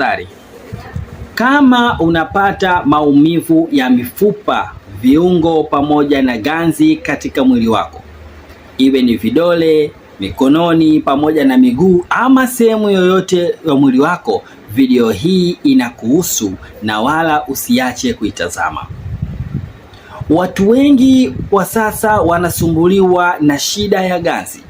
Tafadhali, kama unapata maumivu ya mifupa, viungo pamoja na ganzi katika mwili wako, iwe ni vidole, mikononi pamoja na miguu ama sehemu yoyote ya mwili wako, video hii inakuhusu na wala usiache kuitazama. Watu wengi kwa sasa wanasumbuliwa na shida ya ganzi.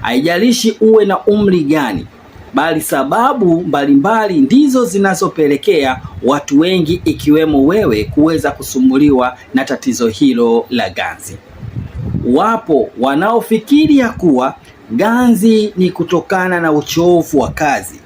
Haijalishi uwe na umri gani, bali sababu mbalimbali ndizo zinazopelekea watu wengi ikiwemo wewe kuweza kusumbuliwa na tatizo hilo la ganzi. Wapo wanaofikiri ya kuwa ganzi ni kutokana na uchovu wa kazi.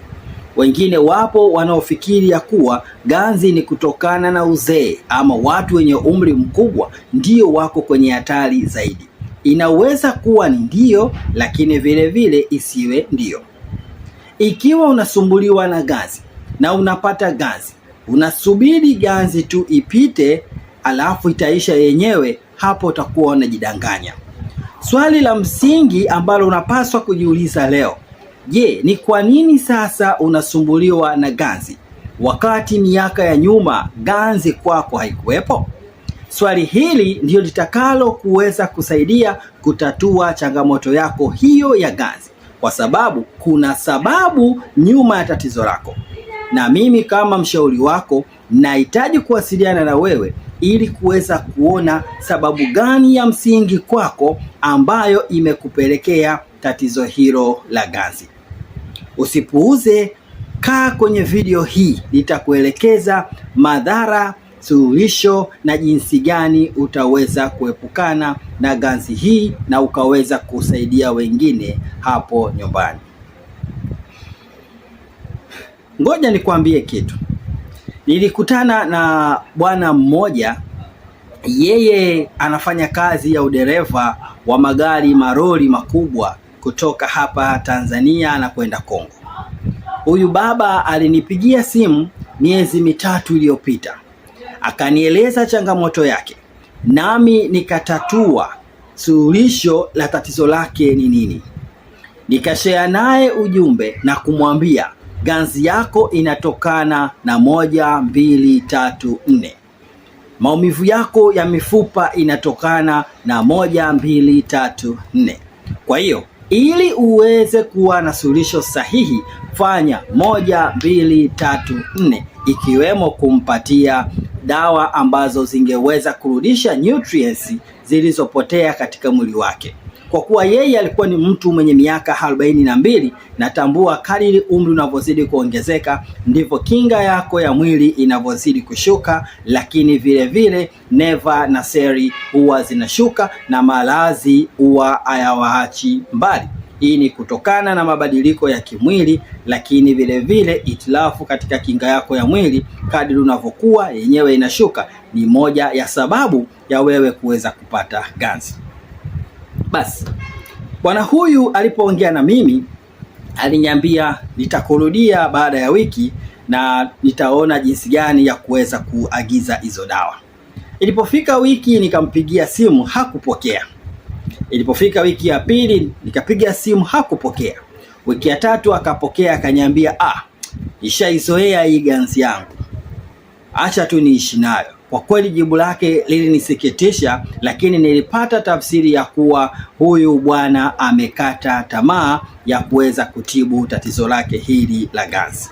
Wengine wapo wanaofikiri ya kuwa ganzi ni kutokana na uzee ama watu wenye umri mkubwa ndio wako kwenye hatari zaidi. Inaweza kuwa ni ndio, lakini vile vile isiwe ndio. Ikiwa unasumbuliwa na gazi na unapata gazi unasubiri gazi tu ipite, alafu itaisha yenyewe, hapo utakuwa unajidanganya. Swali la msingi ambalo unapaswa kujiuliza leo, je, ni kwa nini sasa unasumbuliwa na gazi wakati miaka ya nyuma ganzi kwako haikuwepo? Swali hili ndiyo litakalo kuweza kusaidia kutatua changamoto yako hiyo ya gazi kwa sababu kuna sababu nyuma ya tatizo lako, na mimi kama mshauri wako nahitaji kuwasiliana na wewe ili kuweza kuona sababu gani ya msingi kwako ambayo imekupelekea tatizo hilo la ganzi. Usipuuze, kaa kwenye video hii, nitakuelekeza madhara suluhisho na jinsi gani utaweza kuepukana na ganzi hii na ukaweza kusaidia wengine hapo nyumbani. Ngoja nikwambie kitu. Nilikutana na bwana mmoja, yeye anafanya kazi ya udereva wa magari maroli makubwa kutoka hapa Tanzania na kwenda Kongo. Huyu baba alinipigia simu miezi mitatu iliyopita akanieleza changamoto yake, nami nikatatua suluhisho la tatizo lake ni nini. Nikashea naye ujumbe na kumwambia ganzi yako inatokana na moja, mbili, tatu, nne. Maumivu yako ya mifupa inatokana na moja, mbili, tatu, nne. Kwa hiyo ili uweze kuwa na suluhisho sahihi, fanya moja, mbili, tatu, nne, ikiwemo kumpatia dawa ambazo zingeweza kurudisha nutrients zilizopotea katika mwili wake. Kwa kuwa yeye alikuwa ni mtu mwenye miaka arobaini na mbili, natambua kadiri umri unavyozidi kuongezeka ndivyo kinga yako ya mwili inavyozidi kushuka, lakini vile vile neva na seli huwa zinashuka na maradhi huwa hayawaachi mbali. Hii ni kutokana na mabadiliko ya kimwili, lakini vilevile itilafu katika kinga yako ya mwili kadri unavyokuwa yenyewe inashuka. Ni moja ya sababu ya wewe kuweza kupata ganzi. Basi bwana huyu alipoongea na mimi aliniambia nitakurudia baada ya wiki na nitaona jinsi gani ya kuweza kuagiza hizo dawa. Ilipofika wiki, nikampigia simu hakupokea. Ilipofika wiki ya pili nikapiga simu hakupokea. Wiki ya tatu akapokea, akaniambia ah, ishaizoea hii ganzi yangu, acha tu niishi nayo. Kwa kweli jibu lake lilinisikitisha, lakini nilipata tafsiri ya kuwa huyu bwana amekata tamaa ya kuweza kutibu tatizo lake hili la ganzi.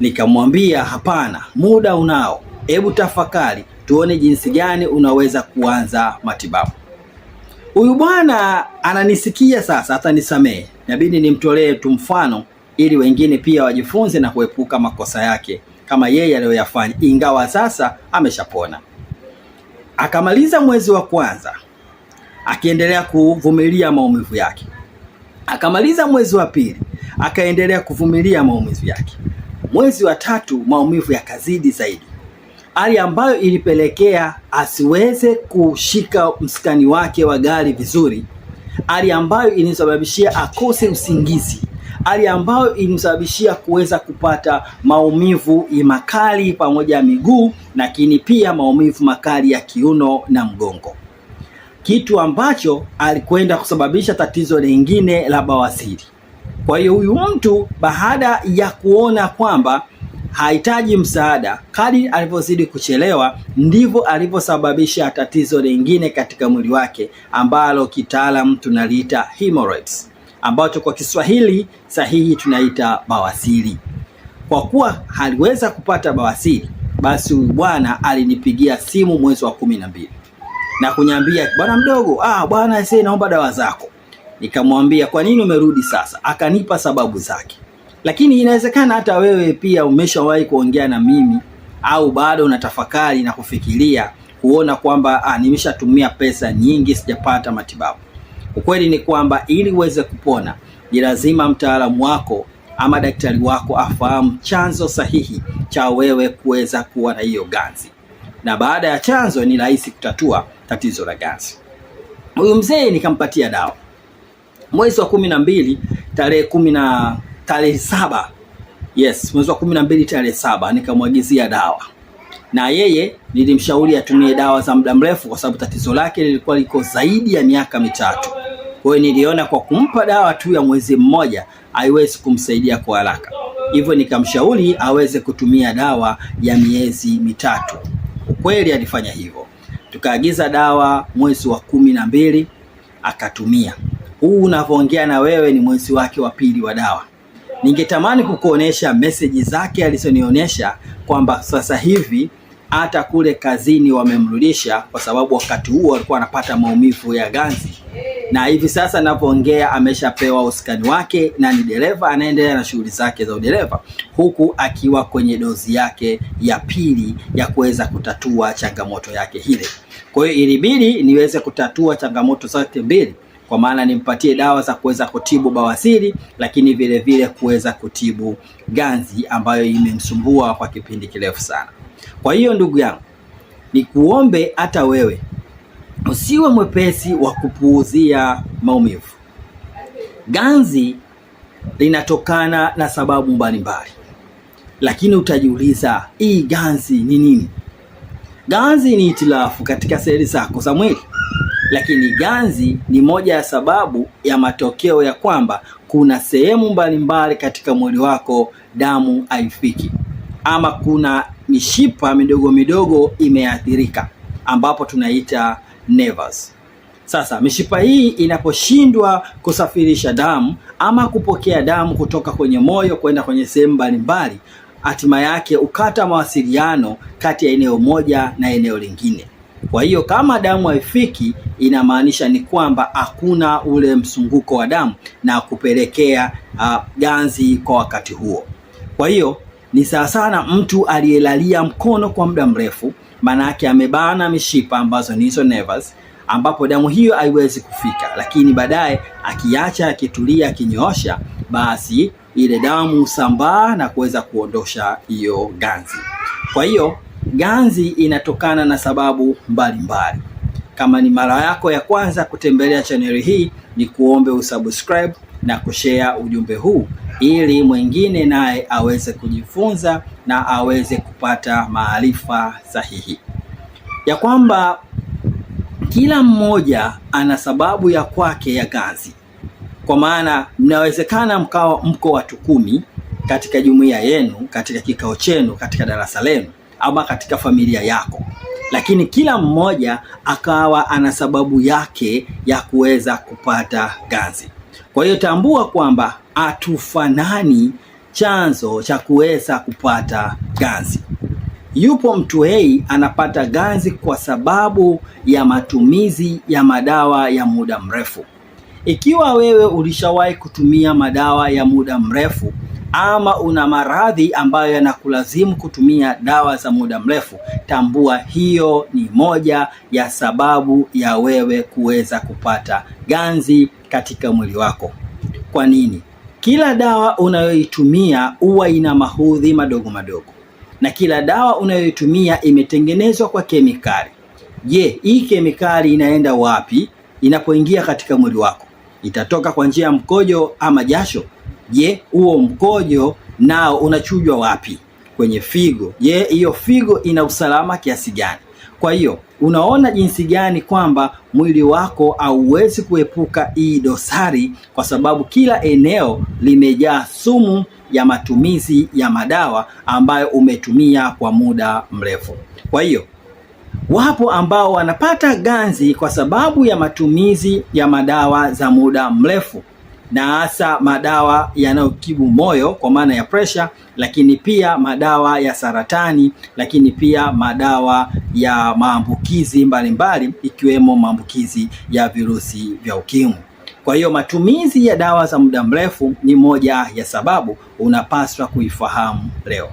Nikamwambia hapana, muda unao, hebu tafakari tuone jinsi gani unaweza kuanza matibabu huyu bwana ananisikia sasa, hata nisamehe, inabidi nimtolee tu mfano ili wengine pia wajifunze na kuepuka makosa yake kama yeye aliyoyafanya, ingawa sasa ameshapona. Akamaliza mwezi wa kwanza akiendelea kuvumilia maumivu yake, akamaliza mwezi wa pili akaendelea kuvumilia maumivu yake, mwezi wa tatu maumivu yakazidi zaidi, hali ambayo ilipelekea asiweze kushika msikani wake wa gari vizuri, hali ambayo ilisababishia akose usingizi, hali ambayo ilimsababishia kuweza kupata maumivu makali pamoja ya miguu, lakini pia maumivu makali ya kiuno na mgongo, kitu ambacho alikwenda kusababisha tatizo lingine la bawasiri. Kwa hiyo huyu mtu baada ya kuona kwamba hahitaji msaada. Kadri alivyozidi kuchelewa, ndivyo alivyosababisha tatizo lingine katika mwili wake ambalo kitaalamu tunaliita hemorrhoids, ambacho kwa Kiswahili sahihi tunaita bawasiri. Kwa kuwa haliweza kupata bawasiri, basi huyu bwana alinipigia simu mwezi wa kumi na mbili na kuniambia, bwana mdogo, ah bwana, sasa naomba dawa zako. Nikamwambia, kwa nini umerudi sasa? Akanipa sababu zake. Lakini inawezekana hata wewe pia umeshawahi kuongea na mimi au bado unatafakari na kufikiria kuona kwamba ah, nimeshatumia pesa nyingi sijapata matibabu. Ukweli ni kwamba ili uweze kupona ni lazima mtaalamu wako ama daktari wako afahamu chanzo sahihi cha wewe kuweza kuwa na hiyo ganzi, na baada ya chanzo ni rahisi kutatua tatizo la ganzi. Huyu mzee nikampatia dawa mwezi wa kumi na mbili tarehe kumi na tarehe saba, yes, mwezi wa kumi na mbili tarehe saba nikamwagizia dawa, na yeye nilimshauri atumie dawa za muda mrefu, kwa sababu tatizo lake lilikuwa liko zaidi ya miaka mitatu. Kwa hiyo niliona kwa kumpa dawa tu ya mwezi mmoja haiwezi kumsaidia kwa haraka, hivyo nikamshauri aweze kutumia dawa ya miezi mitatu. Ukweli alifanya hivyo, tukaagiza dawa mwezi wa kumi na mbili akatumia. Huu unavyoongea na wewe ni mwezi wake wa pili wa dawa. Ningetamani kukuonesha meseji zake alizonionyesha kwamba sasa hivi hata kule kazini wamemrudisha kwa sababu wakati huo alikuwa anapata maumivu ya ganzi, na hivi sasa ninapoongea ameshapewa usukani wake na ni dereva anaendelea na shughuli zake za udereva, huku akiwa kwenye dozi yake ya pili ya kuweza kutatua changamoto yake hile. Kwa hiyo ilibidi niweze kutatua changamoto zote mbili kwa maana nimpatie dawa za kuweza kutibu bawasiri, lakini vile vile kuweza kutibu ganzi ambayo imemsumbua kwa kipindi kirefu sana. Kwa hiyo ndugu yangu, nikuombe hata wewe usiwe mwepesi wa kupuuzia maumivu. Ganzi linatokana na sababu mbalimbali, lakini utajiuliza hii ganzi ni nini? Ganzi ni itilafu katika seli zako za mwili lakini ganzi ni moja ya sababu ya matokeo ya kwamba kuna sehemu mbalimbali katika mwili wako damu haifiki, ama kuna mishipa midogo midogo imeathirika, ambapo tunaita nerves. Sasa mishipa hii inaposhindwa kusafirisha damu ama kupokea damu kutoka kwenye moyo kwenda kwenye sehemu mbalimbali, hatima yake ukata mawasiliano kati ya eneo moja na eneo lingine. Kwa hiyo kama damu haifiki, inamaanisha ni kwamba hakuna ule mzunguko wa damu na kupelekea uh, ganzi kwa wakati huo. Kwa hiyo ni sawa sana mtu aliyelalia mkono kwa muda mrefu, maana yake amebana mishipa ambazo ni hizo nerves, ambapo damu hiyo haiwezi kufika, lakini baadaye akiacha, akitulia, akinyoosha, basi ile damu husambaa na kuweza kuondosha hiyo ganzi. Kwa hiyo ganzi inatokana na sababu mbalimbali mbali. Kama ni mara yako ya kwanza kutembelea chaneli hii, ni kuombe usubscribe na kushare ujumbe huu ili mwingine naye aweze kujifunza na aweze kupata maarifa sahihi ya kwamba kila mmoja ana sababu ya kwake ya ganzi. Kwa maana mnawezekana mkawa mko watu kumi katika jumuiya yenu, katika kikao chenu, katika darasa lenu ama katika familia yako, lakini kila mmoja akawa ana sababu yake ya kuweza kupata ganzi. Kwa hiyo tambua kwamba hatufanani chanzo cha kuweza kupata ganzi. Yupo mtu hei, anapata ganzi kwa sababu ya matumizi ya madawa ya muda mrefu. Ikiwa wewe ulishawahi kutumia madawa ya muda mrefu ama una maradhi ambayo yanakulazimu kutumia dawa za muda mrefu, tambua hiyo ni moja ya sababu ya wewe kuweza kupata ganzi katika mwili wako. Kwa nini? Kila dawa unayoitumia huwa ina mahudhi madogo madogo, na kila dawa unayoitumia imetengenezwa kwa kemikali. Je, hii kemikali inaenda wapi? Inapoingia katika mwili wako, itatoka kwa njia ya mkojo ama jasho? Je, huo mkojo nao unachujwa wapi? Kwenye figo. Je, hiyo figo ina usalama kiasi gani? Kwa hiyo unaona jinsi gani kwamba mwili wako hauwezi kuepuka hii dosari, kwa sababu kila eneo limejaa sumu ya matumizi ya madawa ambayo umetumia kwa muda mrefu. Kwa hiyo wapo ambao wanapata ganzi kwa sababu ya matumizi ya madawa za muda mrefu, na hasa madawa yanayokibu moyo kwa maana ya pressure, lakini pia madawa ya saratani, lakini pia madawa ya maambukizi mbalimbali ikiwemo maambukizi ya virusi vya ukimwi. Kwa hiyo matumizi ya dawa za muda mrefu ni moja ya sababu unapaswa kuifahamu leo.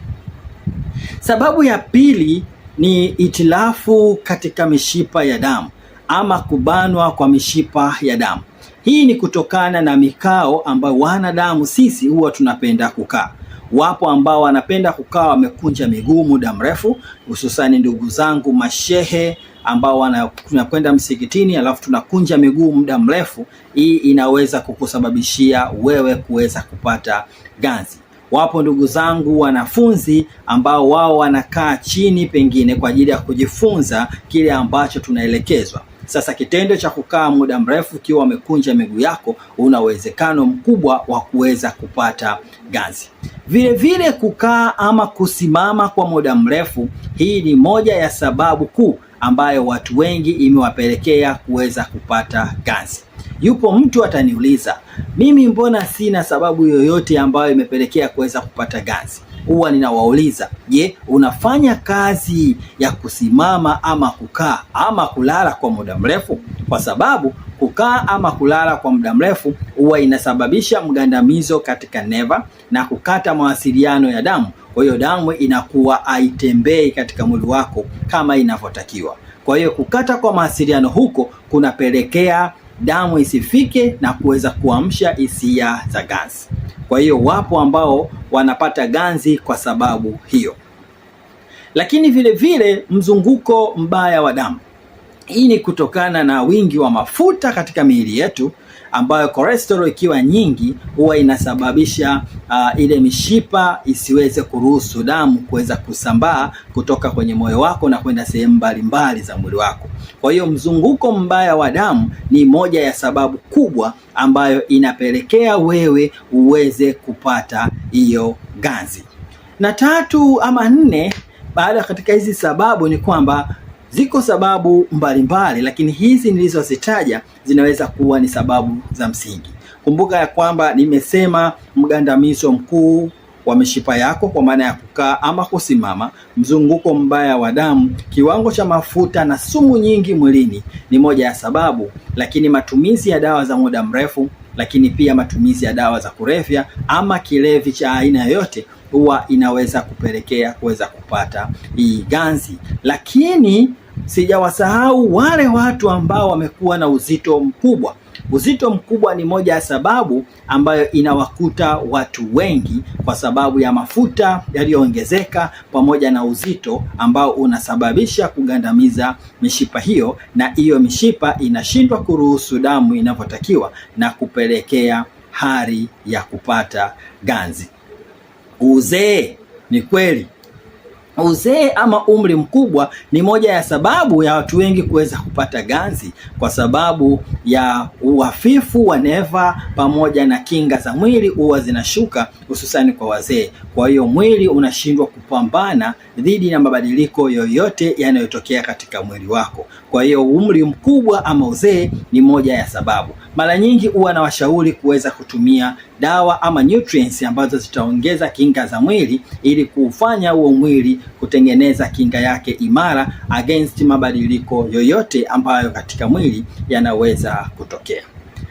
Sababu ya pili ni itilafu katika mishipa ya damu ama kubanwa kwa mishipa ya damu. Hii ni kutokana na mikao ambayo wanadamu sisi huwa tunapenda kukaa. Wapo ambao wanapenda kukaa wamekunja miguu muda mrefu, hususani ndugu zangu mashehe ambao tunakwenda msikitini alafu tunakunja miguu muda mrefu. Hii inaweza kukusababishia wewe kuweza kupata ganzi. Wapo ndugu zangu wanafunzi ambao wao wanakaa chini, pengine kwa ajili ya kujifunza kile ambacho tunaelekezwa. Sasa kitendo cha kukaa muda mrefu ukiwa umekunja miguu yako, una uwezekano mkubwa wa kuweza kupata ganzi. Vilevile, kukaa ama kusimama kwa muda mrefu, hii ni moja ya sababu kuu ambayo watu wengi imewapelekea kuweza kupata ganzi. Yupo mtu ataniuliza, mimi mbona sina sababu yoyote ambayo imepelekea kuweza kupata ganzi? huwa ninawauliza, je, unafanya kazi ya kusimama ama kukaa ama kulala kwa muda mrefu? Kwa sababu kukaa ama kulala kwa muda mrefu huwa inasababisha mgandamizo katika neva na kukata mawasiliano ya damu. Kwa hiyo damu inakuwa haitembei katika mwili wako kama inavyotakiwa. Kwa hiyo kukata kwa mawasiliano huko kunapelekea damu isifike na kuweza kuamsha hisia za gasi kwa hiyo wapo ambao wanapata ganzi kwa sababu hiyo. Lakini vile vile mzunguko mbaya wa damu, hii ni kutokana na wingi wa mafuta katika miili yetu ambayo cholesterol ikiwa nyingi huwa inasababisha uh, ile mishipa isiweze kuruhusu damu kuweza kusambaa kutoka kwenye moyo wako na kwenda sehemu mbalimbali za mwili wako. Kwa hiyo mzunguko mbaya wa damu ni moja ya sababu kubwa ambayo inapelekea wewe uweze kupata hiyo ganzi. Na tatu ama nne baada katika hizi sababu ni kwamba Ziko sababu mbalimbali mbali, lakini hizi nilizozitaja zinaweza kuwa ni sababu za msingi. Kumbuka ya kwamba nimesema mgandamizo mkuu wa mishipa yako kwa maana ya kukaa ama kusimama, mzunguko mbaya wa damu, kiwango cha mafuta na sumu nyingi mwilini ni moja ya sababu, lakini matumizi ya dawa za muda mrefu, lakini pia matumizi ya dawa za kulevya ama kilevi cha aina yoyote huwa inaweza kupelekea kuweza kupata hii ganzi, lakini sijawasahau wale watu ambao wamekuwa na uzito mkubwa. Uzito mkubwa ni moja ya sababu ambayo inawakuta watu wengi kwa sababu ya mafuta yaliyoongezeka pamoja na uzito ambao unasababisha kugandamiza mishipa hiyo, na hiyo mishipa inashindwa kuruhusu damu inavyotakiwa na kupelekea hali ya kupata ganzi uzee. Ni kweli uzee ama umri mkubwa ni moja ya sababu ya watu wengi kuweza kupata ganzi kwa sababu ya uhafifu wa neva pamoja na kinga za mwili huwa zinashuka hususani kwa wazee. Kwa hiyo mwili unashindwa kupambana dhidi na mabadiliko yoyote yanayotokea katika mwili wako. Kwa hiyo umri mkubwa ama uzee ni moja ya sababu mara nyingi huwa na washauri kuweza kutumia dawa ama nutrients ambazo zitaongeza kinga za mwili ili kuufanya huo mwili kutengeneza kinga yake imara against mabadiliko yoyote ambayo katika mwili yanaweza kutokea.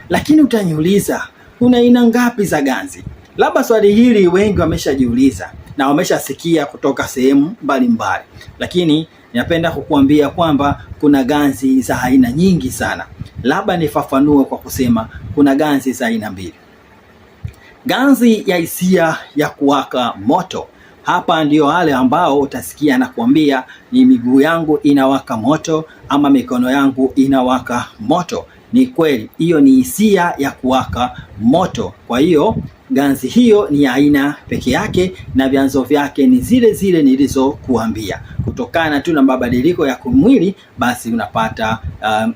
Lakini utaniuliza kuna aina ngapi za ganzi? Labda swali hili wengi wameshajiuliza na wameshasikia kutoka sehemu mbalimbali, lakini Napenda kukuambia kwamba kuna ganzi za aina nyingi sana, labda nifafanue kwa kusema kuna ganzi za aina mbili. Ganzi ya hisia ya kuwaka moto, hapa ndiyo wale ambao utasikia na kuambia ni miguu yangu inawaka moto ama mikono yangu inawaka moto. Ni kweli, hiyo ni hisia ya kuwaka moto. Kwa hiyo ganzi hiyo ni aina peke yake na vyanzo vyake ni zile zile nilizokuambia. Kutokana tu na mabadiliko ya kumwili, basi unapata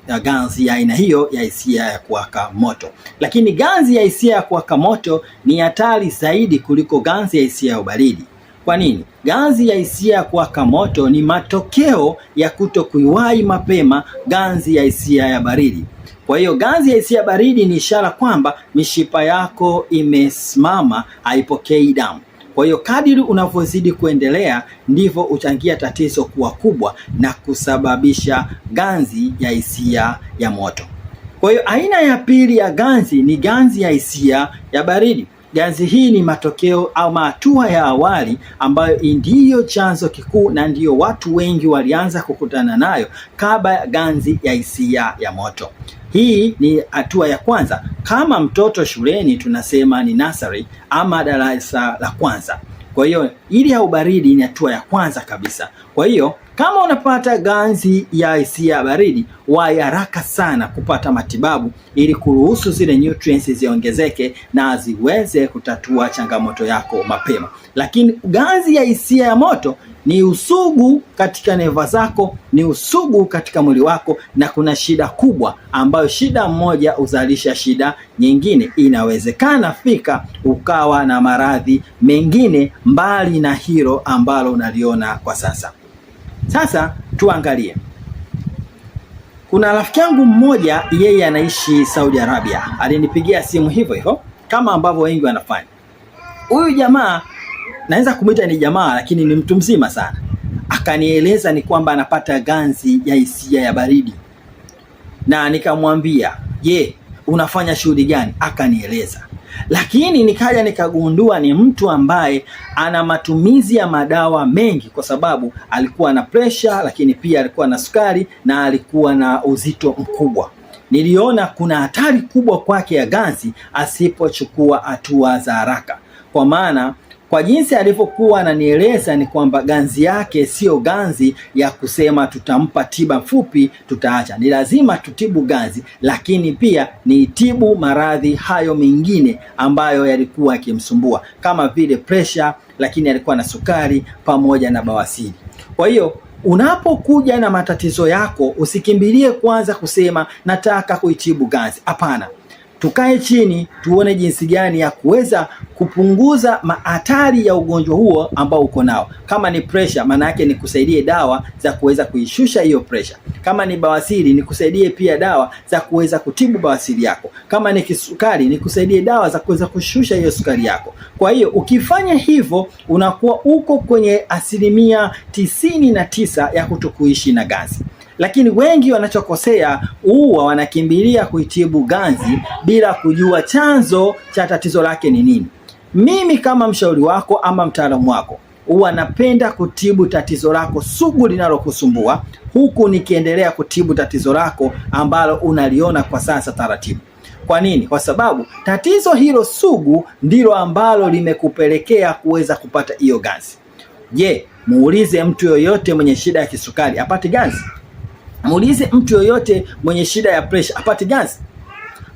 uh, ganzi ya aina hiyo ya hisia ya kuwaka moto. Lakini ganzi ya hisia ya kuwaka moto ni hatari zaidi kuliko ganzi ya hisia ya ubaridi. Kwa nini? Ganzi ya hisia ya kuwaka moto ni matokeo ya kuto kuiwahi mapema ganzi ya hisia ya baridi. Kwa hiyo ganzi ya hisia baridi ni ishara kwamba mishipa yako imesimama, haipokei damu. Kwa hiyo kadiri unavyozidi kuendelea ndivyo huchangia tatizo kuwa kubwa na kusababisha ganzi ya hisia ya moto. Kwa hiyo aina ya pili ya ganzi ni ganzi ya hisia ya baridi. Ganzi hii ni matokeo au hatua ya awali ambayo ndiyo chanzo kikuu na ndiyo watu wengi walianza kukutana nayo kabla ganzi ya hisia ya moto. Hii ni hatua ya kwanza. Kama mtoto shuleni tunasema ni nursery ama darasa la kwanza. Kwa hiyo ili ya ubaridi ni hatua ya kwanza kabisa. Kwa hiyo kama unapata ganzi ya hisia ya baridi, wahi haraka sana kupata matibabu ili kuruhusu zile nutrients ziongezeke na ziweze kutatua changamoto yako mapema. Lakini ganzi ya hisia ya moto ni usugu katika neva zako, ni usugu katika mwili wako, na kuna shida kubwa ambayo shida moja huzalisha shida nyingine. Inawezekana fika ukawa na maradhi mengine mbali na hilo ambalo unaliona kwa sasa. Sasa tuangalie, kuna rafiki yangu mmoja, yeye anaishi Saudi Arabia, alinipigia simu hivyo hivyo kama ambavyo wengi wanafanya. Huyu jamaa naweza kumwita ni jamaa, lakini ni mtu mzima sana. Akanieleza ni kwamba anapata ganzi ya hisia ya baridi, na nikamwambia je, unafanya shughuli gani? Akanieleza, lakini nikaja nikagundua ni mtu ambaye ana matumizi ya madawa mengi, kwa sababu alikuwa na presha, lakini pia alikuwa na sukari na alikuwa na uzito mkubwa. Niliona kuna hatari kubwa kwake ya ganzi asipochukua hatua za haraka, kwa maana kwa jinsi alivyokuwa ananieleza ni kwamba ganzi yake siyo ganzi ya kusema tutampa tiba fupi tutaacha. Ni lazima tutibu ganzi, lakini pia niitibu maradhi hayo mengine ambayo yalikuwa yakimsumbua kama vile presha, lakini alikuwa na sukari pamoja na bawasiri. Kwa hiyo unapokuja na matatizo yako usikimbilie kwanza kusema nataka kuitibu ganzi. Hapana tukae chini tuone jinsi gani ya kuweza kupunguza mahatari ya ugonjwa huo ambao uko nao. Kama ni pressure, maana yake ni kusaidie dawa za kuweza kuishusha hiyo pressure. Kama ni bawasiri, kusaidie pia dawa za kuweza kutibu bawasiri yako. Kama ni kisukari, ni kusaidie dawa za kuweza kushusha hiyo sukari yako. Kwa hiyo ukifanya hivyo unakuwa uko kwenye asilimia tisini na tisa ya kutokuishi na gazi lakini wengi wanachokosea huwa wanakimbilia kuitibu ganzi bila kujua chanzo cha tatizo lake ni nini. Mimi kama mshauri wako ama mtaalamu wako huwa napenda kutibu tatizo lako sugu linalokusumbua huku nikiendelea kutibu tatizo lako ambalo unaliona kwa sasa taratibu. Kwa nini? Kwa sababu tatizo hilo sugu ndilo ambalo limekupelekea kuweza kupata hiyo ganzi. Je, muulize mtu yoyote mwenye shida ya kisukari apate ganzi? Muulize mtu yoyote mwenye shida ya pressure apate ganzi.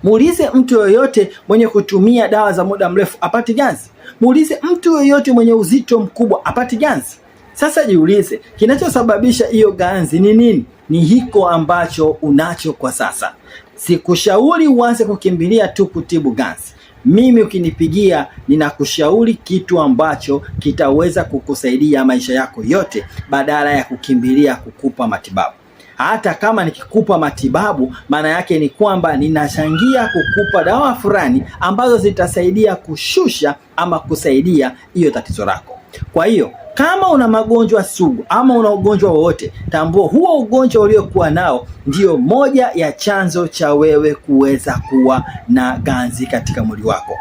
Muulize mtu yoyote mwenye kutumia dawa za muda mrefu apate ganzi. Muulize mtu yoyote mwenye uzito mkubwa apate ganzi. Sasa jiulize, kinachosababisha hiyo ganzi ni nini? Ni hiko ambacho unacho kwa sasa. Sikushauri uanze kukimbilia tu kutibu ganzi. Mimi ukinipigia, ninakushauri kitu ambacho kitaweza kukusaidia maisha yako yote, badala ya kukimbilia kukupa matibabu hata kama nikikupa matibabu, maana yake ni kwamba ninachangia kukupa dawa fulani ambazo zitasaidia kushusha ama kusaidia hiyo tatizo lako. Kwa hiyo kama una magonjwa sugu ama una ugonjwa wowote, tambua huo ugonjwa uliokuwa nao ndio moja ya chanzo cha wewe kuweza kuwa na ganzi katika mwili wako.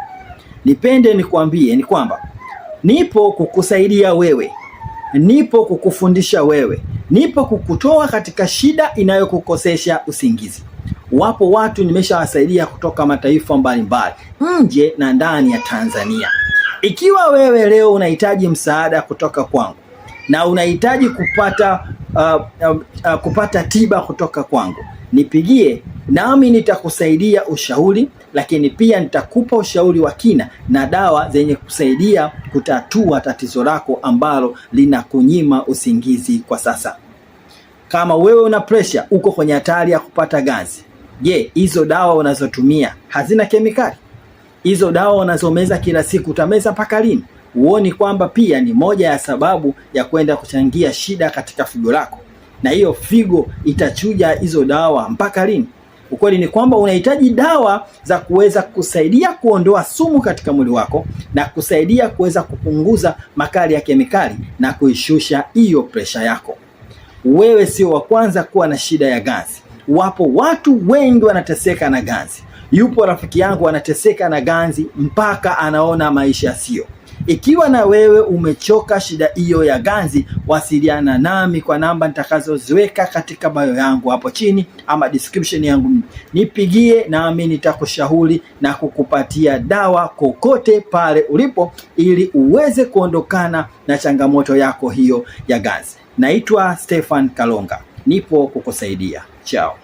Nipende nikuambie ni kwamba nipo kukusaidia wewe, nipo kukufundisha wewe nipo kukutoa katika shida inayokukosesha usingizi. Wapo watu nimeshawasaidia kutoka mataifa mbalimbali nje na ndani ya Tanzania. Ikiwa wewe leo unahitaji msaada kutoka kwangu na unahitaji kupata uh, uh, uh, kupata tiba kutoka kwangu, nipigie nami nitakusaidia ushauri lakini pia nitakupa ushauri wa kina na dawa zenye kusaidia kutatua tatizo lako ambalo linakunyima usingizi kwa sasa. Kama wewe una presha, uko kwenye hatari ya kupata ganzi, je, hizo dawa unazotumia hazina kemikali? Hizo dawa unazomeza kila siku utameza mpaka lini? Huoni kwamba pia ni moja ya sababu ya kwenda kuchangia shida katika figo lako, na hiyo figo itachuja hizo dawa mpaka lini? Ukweli ni kwamba unahitaji dawa za kuweza kusaidia kuondoa sumu katika mwili wako na kusaidia kuweza kupunguza makali ya kemikali na kuishusha hiyo presha yako. Wewe sio wa kwanza kuwa na shida ya ganzi. Wapo watu wengi wanateseka na ganzi. Yupo rafiki yangu anateseka na ganzi mpaka anaona maisha sio ikiwa na wewe umechoka shida hiyo ya ganzi, wasiliana nami kwa namba nitakazoziweka katika bio yangu hapo chini ama description yangu, nipigie nami nitakushauri na kukupatia dawa kokote pale ulipo, ili uweze kuondokana na changamoto yako hiyo ya ganzi. Naitwa Stefan Kalonga, nipo kukusaidia. Chao.